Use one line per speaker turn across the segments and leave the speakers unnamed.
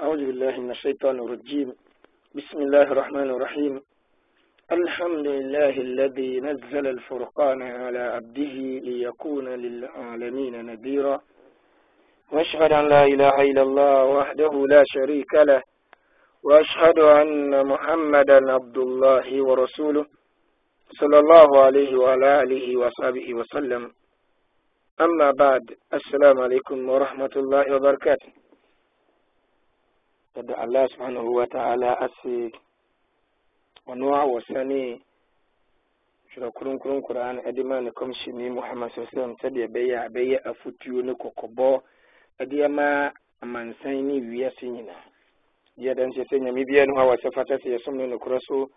أعوذ بالله من الشيطان الرجيم بسم الله الرحمن الرحيم الحمد لله الذي نزل الفرقان على عبده ليكون للعالمين نذيرا واشهد أن لا إله إلا الله وحده لا شريك له وأشهد أن محمدا عبد الله ورسوله صلى الله عليه وعلى آله وصحبه وسلم أما بعد السلام عليكم ورحمة الله وبركاته yadda Allah subhanahu wa ta'ala asi wanuwa wasani shira kurun kurun Qur'an edima ne kom shimi Muhammad sallallahu alaihi wasallam tabi bayya bayya afutiyo ne kokobo edima amansan ni wiya sinyina dia dan se se nyame bia no hawa se fata se som no koro so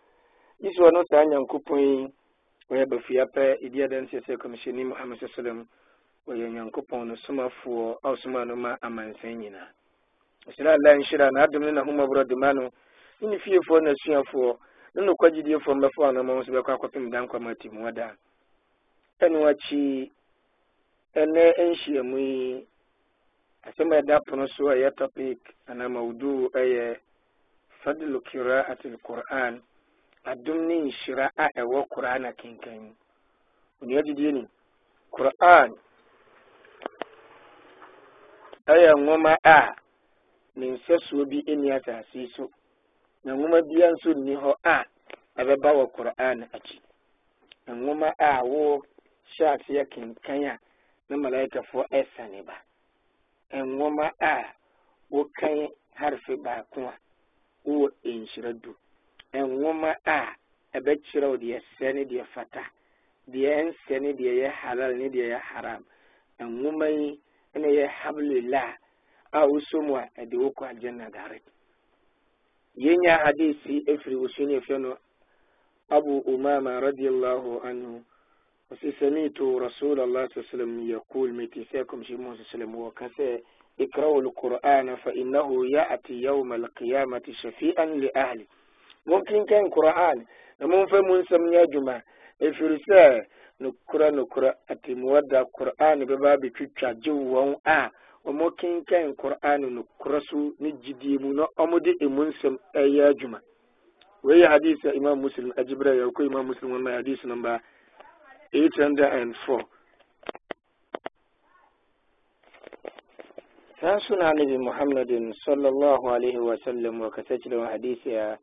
isu ono sa nyankopon oya bafia pɛ edia dan se se kom shini Muhammad sallallahu alaihi wasallam oya nyankopon no somafoɔ a ɔsoma no ma nhyira a lan nhyira na adom ne n'ahoma borɔ dema no ne ne fiefoɔ na asuafoɔ ne nokwagyedeefoɔ mbɛfo anama nso bɛkɔ akɔpem da nkwama ati mu da ɛno akyi ɛnɛ nhyiamu yi asɛm a ɛda pono so a ɛyɛ topic anaa mawudu ɛyɛ fadlu qiraatil qur'an adom ne nhyira a ɛwɔ qur'an a mu onua gyidie ni qur'an ɛyɛ nwoma a ne nsɛsoɔ bi nni asase yi so na nwoma biara nso nni hɔ a ɛbɛba wɔ koran akyi na nwoma a wɔhyɛ aseɛ kenkan a na malaikafoɔ ne ba nwoma a wɔkan harfe baako a wowɔ nhyira du nwoma a ɛbɛkyerɛw deɛ sɛ ne deɛ fata deɛ nsɛ ne deɛ yɛ halal ne deɛ yɛ haram nwoma yi na yɛ hablillah a wosom a ɛde wo kɔ aljanna direct yɛnya hadisi ɛfiri wo sunefiɛ no abu umama radiallahu anhu ɔsi samitu rasul allah saa sallam yakul meti sɛ kɔmhyɛ mu sallam wɔka sɛ ikrau lqur'ana fa innahu ya'ti yawma alqiyamati shafi'an li ahli monkenkan qur'an na momfa mu nsɛm nyɛ adwuma ɛfiri sɛ nokora nokora ate muwada qur'an bɛba bɛtwitwa gye wɔn a ɔmo kenkan qur'an no korɔ so ne gyidie mu na ɔmo de emu nsɛm ɛyɛ adwuma wei hadis a imam muslim agyibra yɛ ɔkɔ imam muslim wɔn na hadis number eight hundred and four saa so na anabi muhammadin sallallahu alaihi wa sallam wɔkasa kyerɛ wɔn hadisi a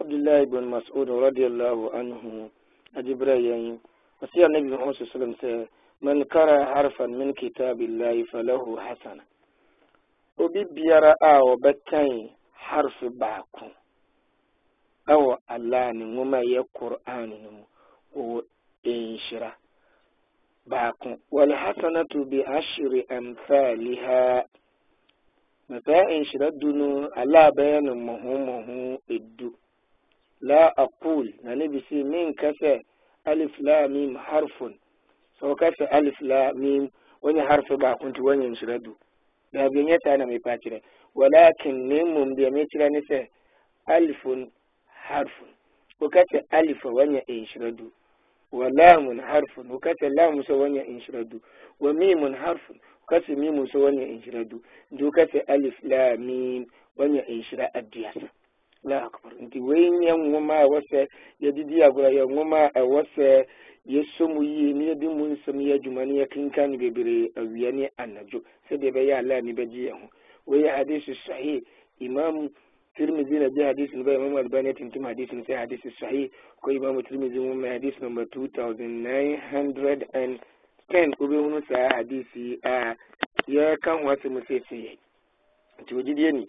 abdullahi bin mas'ud radiyallahu anhu agyibra yɛn wɔsi anabi muhammad sallallahu alaihi wa sallam sɛ من قرأ حرفا من كتاب الله فله حسنة وبيبيرا أو بتاي حرف باكو أو الله نمما يقرآن نمو وإنشرة باكو والحسنة بعشر أمثالها مثلا إنشرة دونو الله بيان مهمه الدو لا أقول نبي سي مين كفى ألف لا ميم حرف kasa alif la mim wani harfi ba kunti wani shiradu da bin ya na mai fatira walakin ne da biya mai cira nisa alifun harfun ko kace alifa wani insuradu wa lamun harfun ko kace lamun sa wani shiradu wa mimun harfun kace mimun sa wani shiradu do kace alif la mim wani inshira adiyasa la akbar nti wei nyɛ nwoma a ɛwɔ sɛ yɛdidi agorɔ yɛ nwoma a ɛwɔ sɛ yɛsɔ mu yie ne yɛde mu nsɛm yɛ adwuma ne yɛkenka no bebree awia ne anadwo sɛdeɛ ɛbɛyɛ ala ne bɛgye yɛn ho wei yɛ sahi imam tirmidhi na je hadisi no ba imam albani tintim hadisi no sɛ hadisi sahi ko imam tirmidhi mu ma hadisi number 2910 wobɛhunu saa hadisi a yɛka ho asɛm sɛsɛyɛ nti wɔgyidie ni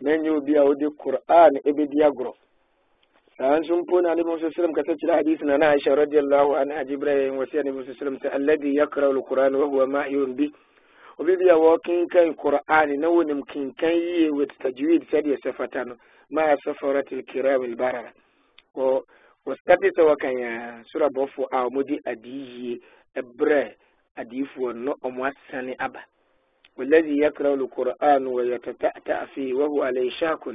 na nyɛ obi a wode qur'an ɛbɛdi agorɔ saa nso mpo na anabi musa sallam kasa kyerɛ hadisi na na aisha radiallahu anha jibrahim wɔ sɛ anabi musa sallam sɛ alladhi yakrau alquran wa huwa ma'yun bi obi bi a wɔkenkan qur'an na wonim kenkan yie with tajwid sɛdeɛ sɛ fata no ma safarat alkiram albarara wɔ wɔsate sɛ wɔkan sorabɔfoɔ a wɔmode adiyie ɛberɛ adiyifoɔ no ɔmo asane aba والذي يقرأ القرآن ويتتأتأ فيه وهو عليه شاك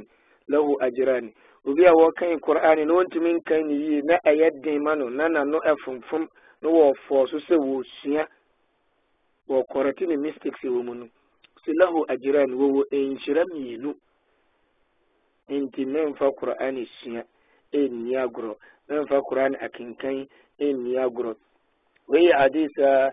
له أجران obi a wɔkan koran na wɔntumi nkan ne yie na ɛyɛ den ma no na nano ɛfomfom na wɔfɔɔ so sɛ wɔsua wɔkɔrɔte ne mystics wɔ mu no so lahu agyiran wɔwɔ nhyira mmienu nti memfa koran sua ɛnni agorɔ memfa koran akenkan ɛnni agorɔ wei yɛ ade saa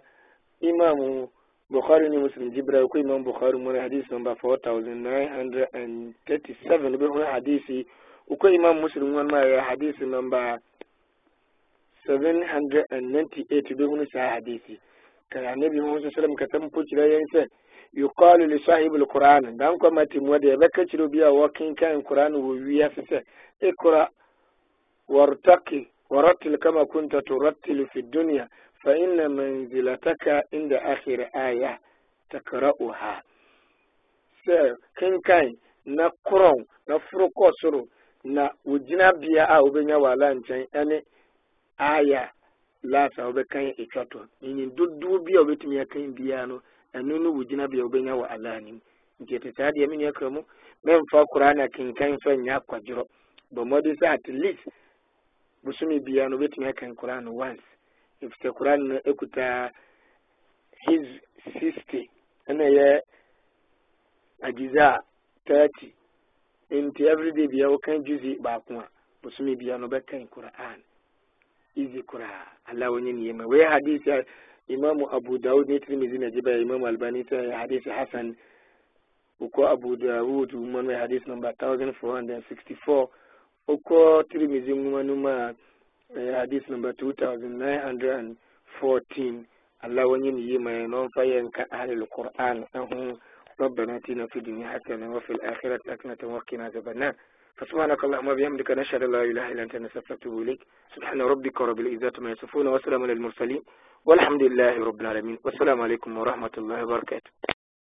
imam بخاري مسلم جبريل كي من بخاري من حديث number 4937 بقول حديثي وكي من مسلم من ما حديث number 798 بقول صحيح حديثي كان النبي محمد صلى الله عليه وسلم كتم بقول يا إنسان يقال لصاحب القرآن دام كما تمود يبكى تلوبيا وكين كان القرآن ويفس اقرأ وارتقي ورتل كما كنت ترتل في الدنيا فإن منزلتك عند آخر آية تقرأها kenkan na korɔn na foro kɔ soro na wogyinabea a wobɛnya wala nkyɛn ɛne aya lasa wobɛkan etwa tɔ nini dodoɔ bi a wobɛtumi akan biara no ɛno no wogyinabea wobɛnya wɔ ala anim nti ɛte saa deɛ menua kra mu memfa koraa na kenkan fa nya akwadworɔ bɔ mmɔde sɛ at least bosome biara no wobɛtumi akan koraa no once efisɛ koran uh, no ekuta his sixty ɛna ɛyɛ agiza thirty nti everyday bia wɔka juzi baako a bosome bia no bɛkan koran izi koraa ala wonye niyema wee hadis ya uh, Imam abu daud ne tirmizi na uh, jiba imamu albani ta ya hadisi hasan uko abu daud umman ya hadisi number 1464 uko tirmizi umman ma hadith number 2914 Allah wani ne yi mai non fayan ka ahlul qur'an ahun ربنا اتنا في الدنيا حسنه وفي الاخره حسنه وقنا عذاب النار فسبحانك اللهم وبحمدك نشهد ان لا اله الا انت نستغفرك اليك سبحان ربك رب العزه ما يصفون وسلام على المرسلين والحمد لله رب العالمين والسلام عليكم ورحمه الله وبركاته